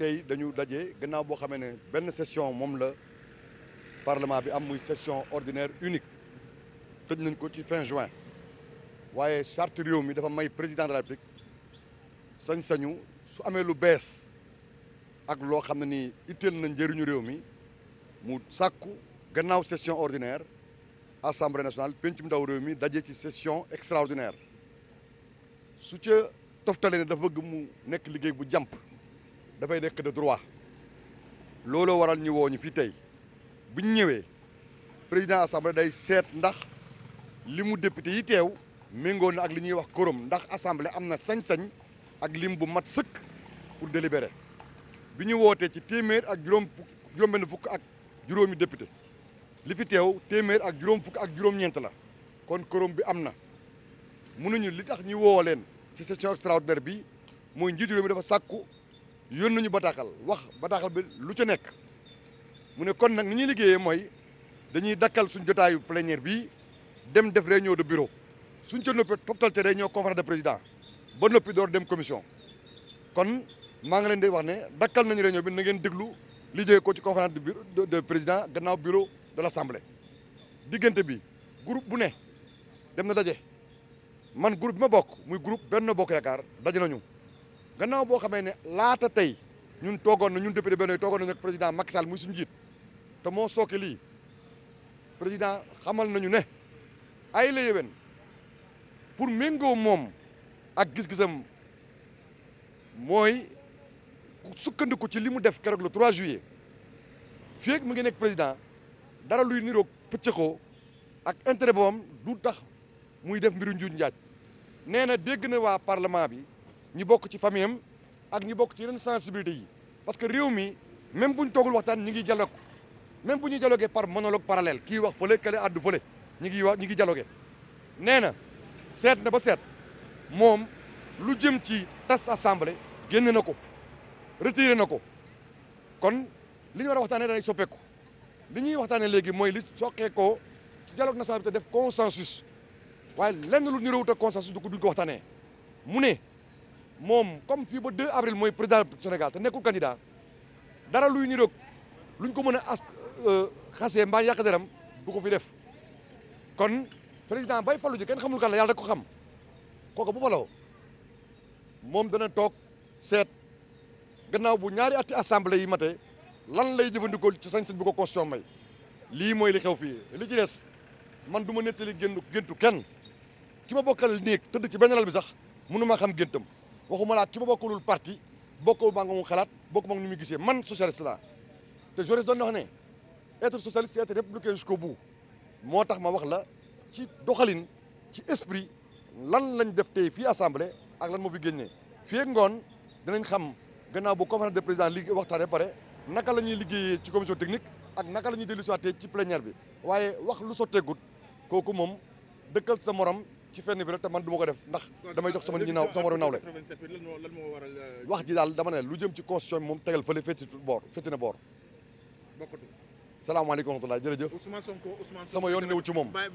tey dañu daje gannaaw boo xamee ne benn session moom la parlement bi am muy session ordinaire unique tëj nañ ko ci fin juin waaye charte réew mi dafa may président de la République sañ-sañu su amee lu bees ak loo xam ne nii itteel na njëriñu réew mi mu sàkku gannaaw session ordinaire assemblée nationale pencum ndaw réew mi daje ci session extraordinaire su ca toftale ne dafa bëgg mu nekk liggéey bu jàmp dafay nekk de droit looloo waral ñu woo ñu fi tey bu ñëwee président assemblée day seet ndax li mu député yi teew méngoo na ak li ñuy wax quorum ndax assemblée am na sañ-sañ ak lim bu mat sëkk pour délibérer bi ñu wootee ci téeméer ak juróom fukk juróom-benn fukk ak juróomi député li fi teew téeméer ak juróom fukk ak juróom-ñeent la kon quorum bi am na mënuñu li tax ñu woo leen ci session extraordinaire bi mooy njiitu réew mi dafa sàkku yón nañu bataaxal wax bataaxal bi lu ca nekk mu ne kon nag ni ñuy liggéeyee mooy dañuy dakkal suñ jotaayu plénière bi dem def réunion de bureau suñ ca noppi toftal ca réunion conférence de président ba noppi door dem commission kon maa ngi leen di wax ne dakkal nañu réunion bi na ngeen déglu liggéey ko ci conférence de bureau de président gannaaw bureau de l'assemblée diggante bi groupe bu ne dem na daje man groupe bi ma bokk muy groupe benn Bokk Yaakaar daje nañu gannaaw boo xamee ne laata tey ñun toogoon na ñun député Benno toogoon nañu ak président Macky Sall muy suñu jiit te moo sooke lii président xamal nañu ne ay la yéwén pour méngoo moom ak gis-gisam mooy sukkandiku ci li mu def keroog le 3 juillet fii mu ngi nekk président dara luy niroog pëccëxoo ak intérêt boobam du tax muy def mbiru njuuj njaaj nee na dégg na waa parlement bi. ñi bokk ci famille am ak ñi bokk ci yeneen sensibilité yi parce que réew mi même bu ñu toogul waxtaan ñi ngi dialogue même bu ñuy dialogué par monologue parallèle kii wax fële kale addu fële ñi ngi wax ñi ngi dialogué nee na seet na ba seet moom lu jëm ci tas assemblée génn na ko retiré na ko kon li ñu war a waxtaanee danay soppeeku li ñuy waxtaanee léegi mooy li soqee ko ci dialogue national bi te def consensus waaye lenn lu ñu réwut a consensus du ko duñ ko waxtaanee mu ne moom comme fii ba 2 avril mooy président Sénégal te nekkul candidat dara luy ñu rek luñ ko mën a as euh, xasee mbaa yàq deram du ko fi def kon président bay falu ji kenn xamul kan la yàlla rek ko xam kooku bu faloo moom dana toog seet gannaaw bu ñaari atti assemblée yi mate lan lay jëfandikoo ci sañ-sañ bi ko constitution may lii mooy li xew fii li ci des man du ma nettali géntu géntu kenn ki ma bokkal néeg tëdd ci benn lal bi sax mënu ma xam géntam waxuma laa ki ma bokkulul parti bokkul maa ngi mu xalaat bokk maa ngi ni muy gisee man socialiste la te Jaurès doon wax ne être socialiste c'est être républicain jusqu'au bout moo tax ma wax la ci doxalin ci esprit lan lañ def tey fii assemblée ak lan moo fi génnee fii ngoon danañ xam gannaaw bu conférence de président li waxtaanee pare naka la ñuy liggéeyee ci commission technique ak naka la ñuy dellusiwaatee ci plénière bi waaye wax lu sotteegut kooku moom dëkkal sa morom. ci fenn bi rek te man du ma ko def ndax damay jox sama nit ñi naaw sama waroon nawle euh, wax ji daal dama ne lu jëm ci constitution bi moom tegal fële fétti boor fétti na boor salaamaaleykum wa rahmatulah jërëjëf sama yoon néew ci moom